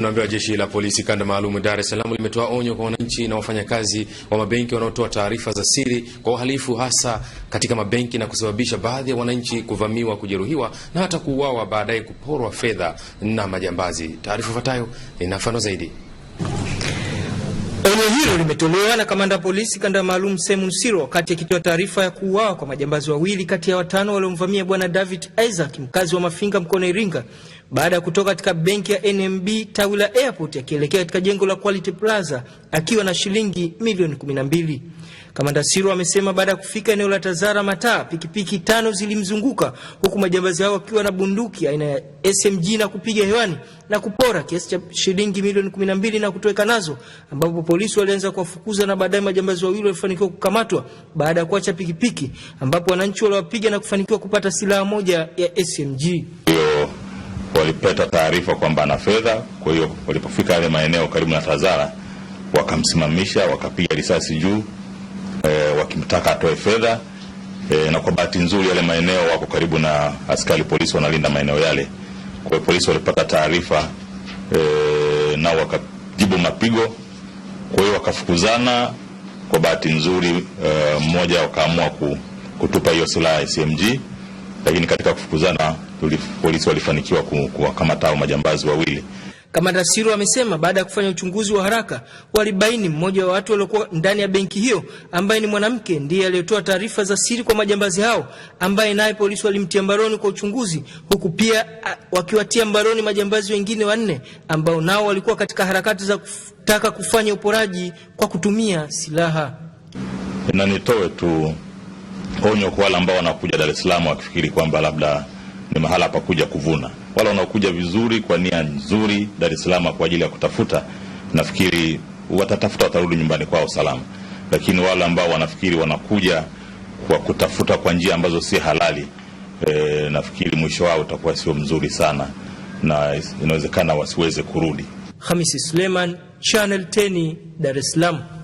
Tunaambiwa jeshi la polisi kanda maalum Dar es Salaam limetoa onyo kwa wananchi na wafanyakazi wa mabenki wanaotoa taarifa za siri kwa uhalifu hasa katika mabenki na kusababisha baadhi ya wananchi kuvamiwa, kujeruhiwa na hata kuuawa, baadaye kuporwa fedha na majambazi. Taarifa ifuatayo inafano zaidi. Onyo hilo limetolewa na kamanda polisi kanda maalum Semu Siro wakati akitoa taarifa ya kuuawa kwa majambazi wawili kati ya watano waliomvamia bwana David Isaac mkazi wa Mafinga mkoani Iringa baada ya kutoka katika benki ya NMB tawi la airport akielekea katika jengo la Quality Plaza akiwa na shilingi milioni 12. Kamanda Siro amesema baada ya kufika eneo la Tazara Mataa, pikipiki tano zilimzunguka huku majambazi hao wakiwa na bunduki aina ya SMG na kupiga hewani na kupora kiasi cha shilingi milioni 12 na kutoweka nazo, ambapo polisi walianza kuwafukuza na baadaye majambazi wawili walifanikiwa kukamatwa baada ya kuacha pikipiki, ambapo wananchi waliwapiga na kufanikiwa kupata silaha moja ya SMG walipata taarifa kwamba ana fedha. Kwa hiyo walipofika yale maeneo karibu na Tazara wakamsimamisha, wakapiga risasi juu e, wakimtaka atoe fedha e, na kwa bahati nzuri yale maeneo wako karibu na askari polisi wanalinda maeneo yale. Kwa hiyo polisi walipata taarifa e, nao wakajibu mapigo, kwa hiyo wakafukuzana. Kwa bahati nzuri e, mmoja wakaamua kutupa hiyo silaha ya SMG, lakini katika kufukuzana polisi walifanikiwa kuwakamata hao majambazi wawili. Kamanda Siro amesema baada ya kufanya uchunguzi wa haraka walibaini mmoja wa watu waliokuwa ndani ya benki hiyo ambaye ni mwanamke ndiye aliyetoa taarifa za siri kwa majambazi hao, ambaye naye polisi walimtia mbaroni kwa uchunguzi, huku pia wakiwatia mbaroni majambazi wengine wanne ambao nao walikuwa katika harakati za kutaka kufanya uporaji kwa kutumia silaha. Na nitoe tu onyo kwa wale ambao wanakuja Dar es Salaam wakifikiri kwamba labda ni mahala pa kuja kuvuna. Wale wanaokuja vizuri kwa nia nzuri Dar es Salaam kwa ajili ya kutafuta, nafikiri watatafuta, watarudi nyumbani kwao salama, lakini wale ambao wanafikiri wanakuja kwa kutafuta kwa njia ambazo si halali e, nafikiri mwisho wao utakuwa sio mzuri sana na inawezekana wasiweze kurudi. Hamisi Suleiman, Channel 10, Dar es Salaam.